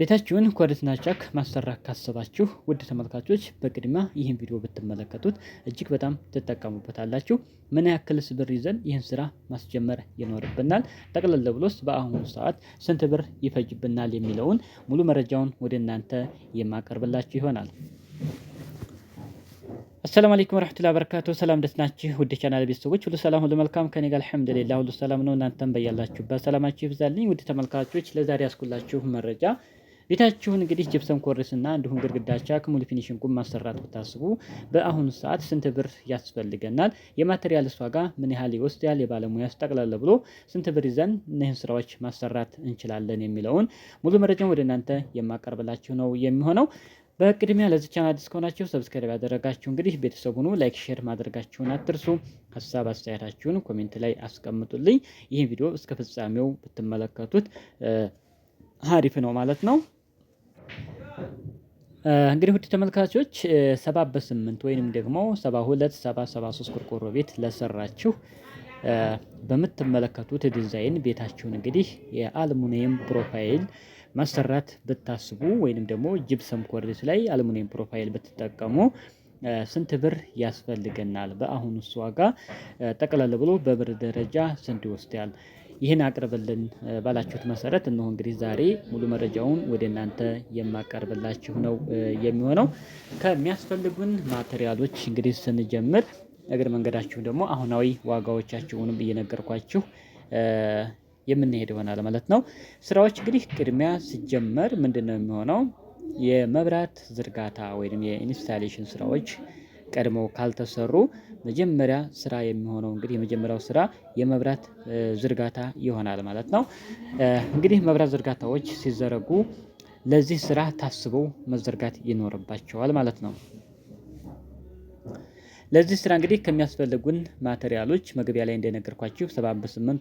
ቤታችሁን ኮሪደር ቻክ ማሰራት ካሰባችሁ ውድ ተመልካቾች በቅድሚያ ይህን ቪዲዮ ብትመለከቱት እጅግ በጣም ትጠቀሙበታላችሁ። ምን ያክልስ ብር ይዘን ይህን ስራ ማስጀመር ይኖርብናል፣ ጠቅለል ብሎስ በአሁኑ ሰዓት ስንት ብር ይፈጅብናል የሚለውን ሙሉ መረጃውን ወደ እናንተ የማቀርብላችሁ ይሆናል። አሰላሙ አለይኩም ወራህመቱላሂ ወበረካቱሁ። ሰላም ደስ ናችሁ ውድ ቻናል ቤተሰቦች ሁሉ ሰላም ሁሉ መልካም ከኔ ጋር አልሐምዱሊላህ ሁሉ ሰላም ነው። እናንተም በያላችሁበት ሰላማችሁ ይብዛልኝ። ውድ ተመልካቾች ለዛሬ ያስኩላችሁ መረጃ ቤታችሁን እንግዲህ ጅብሰም እና እንዲሁም ግድግዳቻ ክሙል ፊኒሽንጉን ማሰራት ብታስቡ በአሁኑ ሰዓት ስንት ብር ያስፈልገናል? የማቴሪያልስ ዋጋ ምን ያህል ይወስዳል? የባለሙያ ጠቅላላ ብሎ ስንት ብር ይዘን እነህን ስራዎች ማሰራት እንችላለን? የሚለውን ሙሉ መረጃውን ወደ እናንተ የማቀርብላችሁ ነው የሚሆነው። በቅድሚያ ለዚህ ቻናል አዲስ ከሆናችሁ ሰብስክራይብ ያደረጋችሁ እንግዲህ ቤተሰቡኑ ላይክ፣ ሼር ማድረጋችሁን አትርሱ። ሀሳብ አስተያየታችሁን ኮሜንት ላይ አስቀምጡልኝ። ይህ ቪዲዮ እስከ ፍጻሜው ብትመለከቱት አሪፍ ነው ማለት ነው። እንግዲህ ውድ ተመልካቾች ሰባ በስምንት ወይንም ደግሞ ሰባ ሁለት ሰባ ሰባ ሶስት ቆርቆሮ ቤት ለሰራችሁ በምትመለከቱት ዲዛይን ቤታችሁን እንግዲህ የአልሙኒየም ፕሮፋይል መሰራት ብታስቡ ወይንም ደግሞ ጅብሰም ኮርኒስ ላይ አልሙኒየም ፕሮፋይል ብትጠቀሙ ስንት ብር ያስፈልገናል? በአሁኑ ዋጋ ጠቅለል ብሎ በብር ደረጃ ስንት ይወስዳል? ይህን አቅርብልን ባላችሁት መሰረት እነሆ እንግዲህ ዛሬ ሙሉ መረጃውን ወደ እናንተ የማቀርብላችሁ ነው የሚሆነው። ከሚያስፈልጉን ማቴሪያሎች እንግዲህ ስንጀምር እግር መንገዳችሁ ደግሞ አሁናዊ ዋጋዎቻችሁንም እየነገርኳችሁ የምንሄድ ይሆናል ማለት ነው። ስራዎች እንግዲህ ቅድሚያ ሲጀመር ምንድን ነው የሚሆነው የመብራት ዝርጋታ ወይም የኢንስታሌሽን ስራዎች ቀድመው ካልተሰሩ መጀመሪያ ስራ የሚሆነው እንግዲህ የመጀመሪያው ስራ የመብራት ዝርጋታ ይሆናል ማለት ነው። እንግዲህ መብራት ዝርጋታዎች ሲዘረጉ ለዚህ ስራ ታስበው መዘርጋት ይኖርባቸዋል ማለት ነው ለዚህ ስራ እንግዲህ ከሚያስፈልጉን ማቴሪያሎች መግቢያ ላይ እንደነገርኳችሁ ሰባ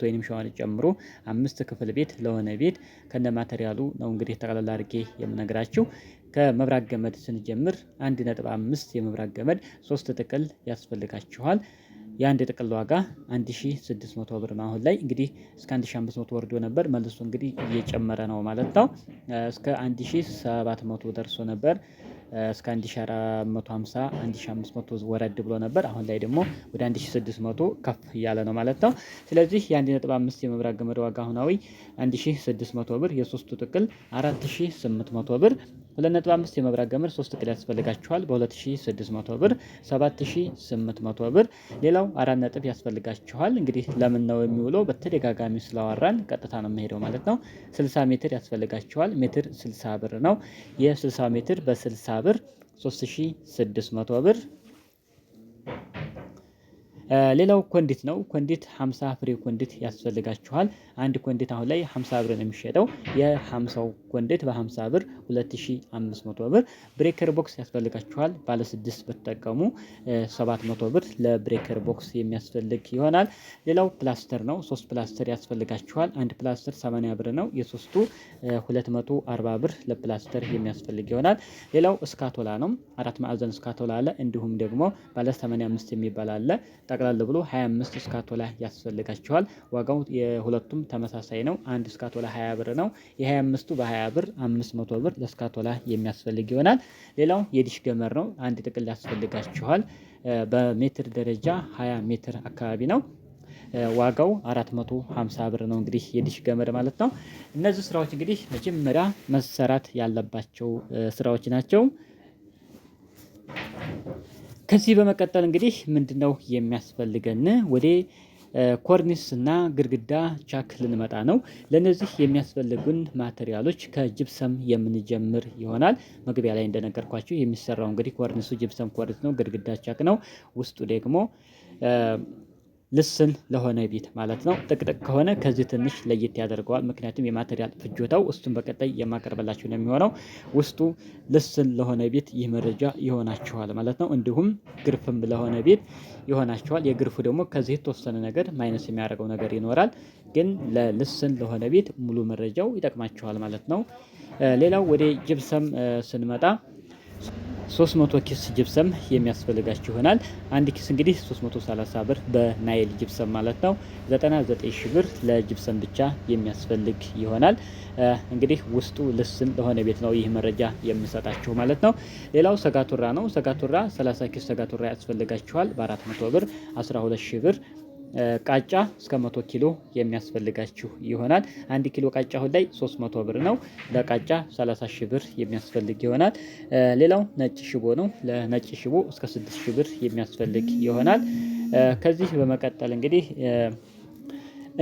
ወይም ሸዋን ጨምሮ አምስት ክፍል ቤት ለሆነ ቤት ከነ ማቴሪያሉ ነው እንግዲህ ጠቅላላ አድርጌ የምነግራችሁ። ከመብራት ገመድ ስንጀምር 1.5 የመብራት ገመድ ሶስት ጥቅል ያስፈልጋችኋል። የአንድ ጥቅል ዋጋ 1600 ብር ነው። አሁን ላይ እንግዲህ እስከ 1500 ወርዶ ነበር። መልሶ እንግዲህ እየጨመረ ነው ማለት ነው። እስከ 1700 ደርሶ ነበር። እስከ 1450 1500 ወረድ ብሎ ነበር። አሁን ላይ ደግሞ ወደ 1600 ከፍ እያለ ነው ማለት ነው። ስለዚህ የ1.5 የመብራት ገመድ ዋጋ አሁናዊ 1600 ብር፣ የሶስቱ ጥቅል 4800 ብር 2.5 የመብራት ገመድ 3 ቅል ያስፈልጋችኋል። በ2600 ብር 7800 ብር። ሌላው አራት ነጥብ ያስፈልጋችኋል። እንግዲህ ለምን ነው የሚውለው በተደጋጋሚ ስለዋራን ቀጥታ ነው የሚሄደው ማለት ነው። 60 ሜትር ያስፈልጋችኋል። ሜትር 60 ብር ነው። የ60 ሜትር በ60 ብር 3600 ብር ሌላው ኮንዲት ነው። ኮንዲት 50 ፍሬ ኮንዲት ያስፈልጋችኋል። አንድ ኮንዲት አሁን ላይ 50 ብር ነው የሚሸጠው። የ50ው ኮንዲት በ50 ብር 2500 ብር። ብሬከር ቦክስ ያስፈልጋችኋል። ባለ 6 ብትጠቀሙ 700 ብር ለብሬከር ቦክስ የሚያስፈልግ ይሆናል። ሌላው ፕላስተር ነው። 3 ፕላስተር ያስፈልጋችኋል። አንድ ፕላስተር 80 ብር ነው። የሶስቱ 240 ብር ለፕላስተር የሚያስፈልግ ይሆናል። ሌላው እስካቶላ ነው። አራት ማዕዘን እስካቶላ አለ። እንዲሁም ደግሞ ባለ 85 የሚባል አለ። ጠቅላላ ብሎ 25 እስካቶላ ያስፈልጋችኋል። ዋጋው የሁለቱም ተመሳሳይ ነው። አንድ እስካቶላ 20 ብር ነው። የ25ቱ በ20 ብር 500 ብር ለእስካቶላ የሚያስፈልግ ይሆናል። ሌላው የዲሽ ገመር ነው። አንድ ጥቅል ያስፈልጋችኋል። በሜትር ደረጃ 20 ሜትር አካባቢ ነው። ዋጋው 450 ብር ነው። እንግዲህ የዲሽ ገመድ ማለት ነው። እነዚህ ስራዎች እንግዲህ መጀመሪያ መሰራት ያለባቸው ስራዎች ናቸው። ከዚህ በመቀጠል እንግዲህ ምንድነው የሚያስፈልገን ወደ ኮርኒስ እና ግድግዳ ቻክ ልንመጣ ነው። ለነዚህ የሚያስፈልጉን ማቴሪያሎች ከጅብሰም የምንጀምር ይሆናል። መግቢያ ላይ እንደነገርኳቸው የሚሰራው እንግዲህ ኮርኒሱ ጅብሰም ኮርኒስ ነው፣ ግድግዳ ቻክ ነው። ውስጡ ደግሞ ልስን ለሆነ ቤት ማለት ነው። ጥቅጥቅ ከሆነ ከዚህ ትንሽ ለየት ያደርገዋል። ምክንያቱም የማቴሪያል ፍጆታው እሱን በቀጣይ የማቀርበላችሁ ነው የሚሆነው። ውስጡ ልስን ለሆነ ቤት ይህ መረጃ ይሆናችኋል ማለት ነው። እንዲሁም ግርፍም ለሆነ ቤት ይሆናችኋል። የግርፉ ደግሞ ከዚህ የተወሰነ ነገር ማይነስ የሚያደርገው ነገር ይኖራል፣ ግን ለልስን ለሆነ ቤት ሙሉ መረጃው ይጠቅማችኋል ማለት ነው። ሌላው ወደ ጅብሰም ስንመጣ 300 ኪስ ጅብሰም የሚያስፈልጋችሁ ይሆናል። አንድ ኪስ እንግዲህ 330 ብር በናይል ጅብሰም ማለት ነው። 99 ሺ ብር ለጅብሰም ብቻ የሚያስፈልግ ይሆናል። እንግዲህ ውስጡ ልስን ለሆነ ቤት ነው ይህ መረጃ የምሰጣችሁ ማለት ነው። ሌላው ሰጋቱራ ነው። ሰጋቱራ 30 ኪስ ሰጋቱራ ያስፈልጋችኋል በ400 ብር 12 ሺ ብር ቃጫ እስከ 100 ኪሎ የሚያስፈልጋችሁ ይሆናል። አንድ ኪሎ ቃጫ አሁን ላይ 300 ብር ነው። ለቃጫ 30 ሺህ ብር የሚያስፈልግ ይሆናል። ሌላው ነጭ ሽቦ ነው። ለነጭ ሽቦ እስከ 6 ሺህ ብር የሚያስፈልግ ይሆናል። ከዚህ በመቀጠል እንግዲህ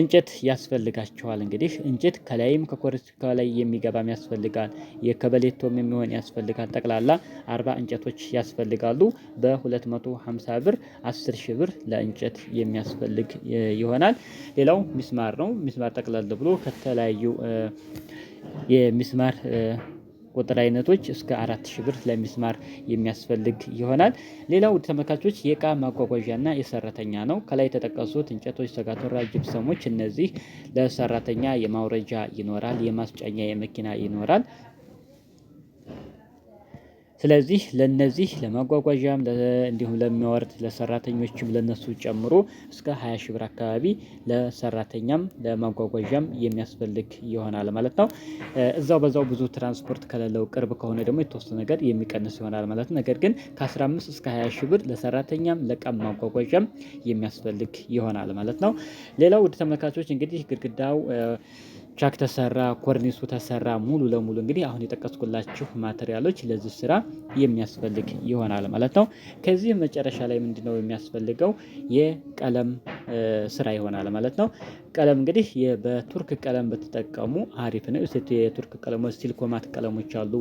እንጨት ያስፈልጋቸዋል። እንግዲህ እንጨት ከላይም ከኮርስ ከላይ የሚገባም ያስፈልጋል፣ የከበሌቶም የሚሆን ያስፈልጋል። ጠቅላላ አርባ እንጨቶች ያስፈልጋሉ። በ250 ብር 10 ሺህ ብር ለእንጨት የሚያስፈልግ ይሆናል። ሌላው ሚስማር ነው። ሚስማር ጠቅላላ ብሎ ከተለያዩ የሚስማር ቁጥር አይነቶች እስከ አራት ሺህ ብር ለሚስማር የሚያስፈልግ ይሆናል። ሌላው ተመልካቾች የእቃ ማጓጓዣና የሰራተኛ ነው። ከላይ የተጠቀሱት እንጨቶች፣ ሰጋቶራ፣ ጅብሰሞች እነዚህ ለሰራተኛ የማውረጃ ይኖራል፣ የማስጫኛ የመኪና ይኖራል። ስለዚህ ለነዚህ ለማጓጓዣም እንዲሁም ለሚያወርድ ለሰራተኞችም ለነሱ ጨምሮ እስከ 20 ሺህ ብር አካባቢ ለሰራተኛም ለማጓጓዣም የሚያስፈልግ ይሆናል ማለት ነው። እዛው በዛው ብዙ ትራንስፖርት ከሌለው ቅርብ ከሆነ ደግሞ የተወሰነ ነገር የሚቀንስ ይሆናል ማለት ነው። ነገር ግን ከ15 እስከ 20 ሺህ ብር ለሰራተኛም ለእቃም ማጓጓዣም የሚያስፈልግ ይሆናል ማለት ነው። ሌላው ውድ ተመልካቾች እንግዲህ ግድግዳው ቻክ ተሰራ፣ ኮርኒሱ ተሰራ ሙሉ ለሙሉ እንግዲህ አሁን የጠቀስኩላችሁ ማቴሪያሎች ለዚህ ስራ የሚያስፈልግ ይሆናል ማለት ነው። ከዚህ መጨረሻ ላይ ምንድነው የሚያስፈልገው? የቀለም ስራ ይሆናል ማለት ነው። ቀለም እንግዲህ በቱርክ ቀለም ብትጠቀሙ አሪፍ ነው። ስ የቱርክ ቀለሞች ሲልኮማት ቀለሞች አሉ።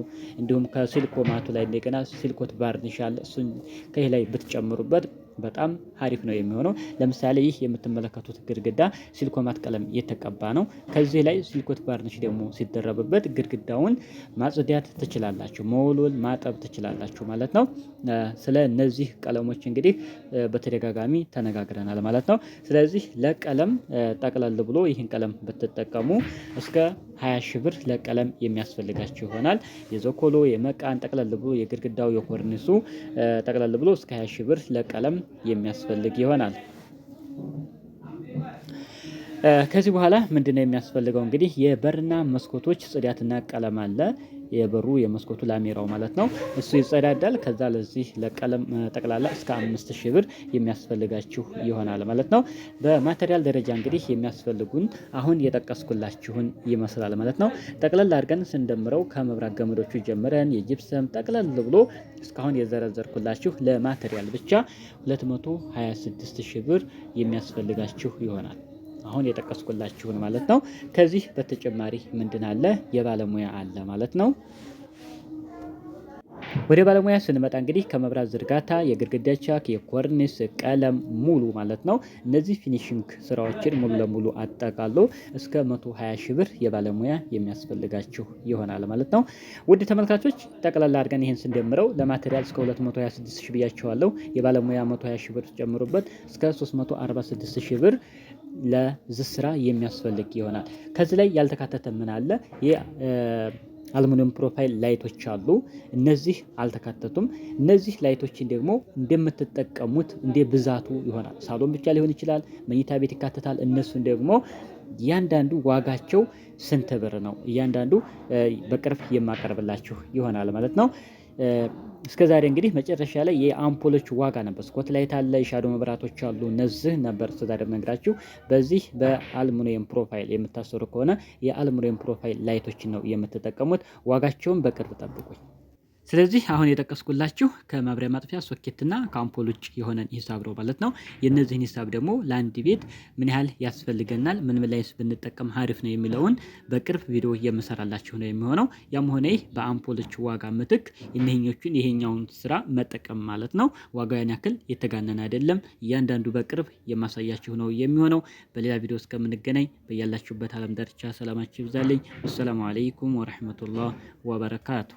እንዲሁም ከሲልኮማቱ ላይ እንደገና ሲልኮት ባርኒሽ አለ። እሱን ከዚህ ላይ ብትጨምሩበት በጣም አሪፍ ነው የሚሆነው። ለምሳሌ ይህ የምትመለከቱት ግድግዳ ሲልኮማት ቀለም የተቀባ ነው። ከዚህ ላይ ሲልኮት ቫርኒሽ ደግሞ ሲደረብበት ግድግዳውን ማጽዳት ትችላላችሁ፣ መወልወል ማጠብ ትችላላችሁ ማለት ነው። ስለ እነዚህ ቀለሞች እንግዲህ በተደጋጋሚ ተነጋግረናል ማለት ነው። ስለዚህ ለቀለም ጠቅለል ብሎ ይህን ቀለም ብትጠቀሙ እስከ 20 ሺህ ብር ለቀለም የሚያስፈልጋቸው ይሆናል። የዘኮሎ የመቃን ጠቅለል ብሎ የግድግዳው የኮርኒሱ ጠቅለል ብሎ እስከ 20 ሺ ብር ለቀለም የሚያስፈልግ ይሆናል። ከዚህ በኋላ ምንድነው የሚያስፈልገው? እንግዲህ የበርና መስኮቶች ጽዳትና ቀለም አለ። የበሩ የመስኮቱ ላሜራው ማለት ነው። እሱ ይጸዳዳል። ከዛ ለዚህ ለቀለም ጠቅላላ እስከ አምስት ሺህ ብር የሚያስፈልጋችሁ ይሆናል ማለት ነው። በማቴሪያል ደረጃ እንግዲህ የሚያስፈልጉን አሁን የጠቀስኩላችሁን ይመስላል ማለት ነው። ጠቅለል አድርገን ስንደምረው ከመብራት ገመዶቹ ጀምረን የጅብሰም ጠቅለል ብሎ እስካሁን የዘረዘርኩላችሁ ለማቴሪያል ብቻ 226 ሺህ ብር የሚያስፈልጋችሁ ይሆናል። አሁን የጠቀስኩላችሁን ማለት ነው። ከዚህ በተጨማሪ ምንድን አለ? የባለሙያ አለ ማለት ነው። ወደ ባለሙያ ስንመጣ እንግዲህ ከመብራት ዝርጋታ፣ የግድግዳ ቻክ፣ የኮርኒስ ቀለም ሙሉ ማለት ነው። እነዚህ ፊኒሽንግ ስራዎችን ሙሉ ለሙሉ አጠቃሎ እስከ 120 ሺህ ብር የባለሙያ የሚያስፈልጋችሁ ይሆናል ማለት ነው። ውድ ተመልካቾች ጠቅላላ አድርገን ይህን ስንደምረው ለማቴሪያል እስከ 226 ሺህ ብያቸዋለሁ። የባለሙያ 120 ሺህ ብር ጨምሩበት እስከ 346 ሺህ ብር ለዚህ ስራ የሚያስፈልግ ይሆናል። ከዚህ ላይ ያልተካተተ ምን አለ? አልሙኒየም ፕሮፋይል ላይቶች አሉ። እነዚህ አልተካተቱም። እነዚህ ላይቶችን ደግሞ እንደምትጠቀሙት እንደ ብዛቱ ይሆናል። ሳሎን ብቻ ሊሆን ይችላል፣ መኝታ ቤት ይካተታል። እነሱን ደግሞ እያንዳንዱ ዋጋቸው ስንት ብር ነው? እያንዳንዱ በቅርብ የማቀርብላችሁ ይሆናል ማለት ነው። እስከዛሬ እንግዲህ መጨረሻ ላይ የአምፖሎች ዋጋ ነበር። ስኮት ላይት አለ፣ የሻዶ መብራቶች አሉ። እነዚህ ነበር እስከዛሬ ነግራችሁ። በዚህ በአልሙኒየም ፕሮፋይል የምታሰሩ ከሆነ የአልሙኒየም ፕሮፋይል ላይቶችን ነው የምትጠቀሙት። ዋጋቸውን በቅርብ ጠብቁኝ። ስለዚህ አሁን የጠቀስኩላችሁ ከማብሪያ ማጥፊያ ሶኬትና ከአምፖል ውጭ የሆነን ሂሳብ ነው ማለት ነው። የእነዚህን ሂሳብ ደግሞ ለአንድ ቤት ምን ያህል ያስፈልገናል፣ ምን ምን ላይ ብንጠቀም አሪፍ ነው የሚለውን በቅርብ ቪዲዮ የምሰራላችሁ ነው የሚሆነው። ያም ሆነ ይህ በአምፖሎች ዋጋ ምትክ እነኞቹን ይሄኛውን ስራ መጠቀም ማለት ነው። ዋጋው ያን ያክል የተጋነን አይደለም። እያንዳንዱ በቅርብ የማሳያችሁ ነው የሚሆነው። በሌላ ቪዲዮ እስከምንገናኝ በያላችሁበት አለም ዳርቻ ሰላማችሁ ይብዛልኝ። አሰላሙ አለይኩም ወረህመቱላህ ወበረካቱ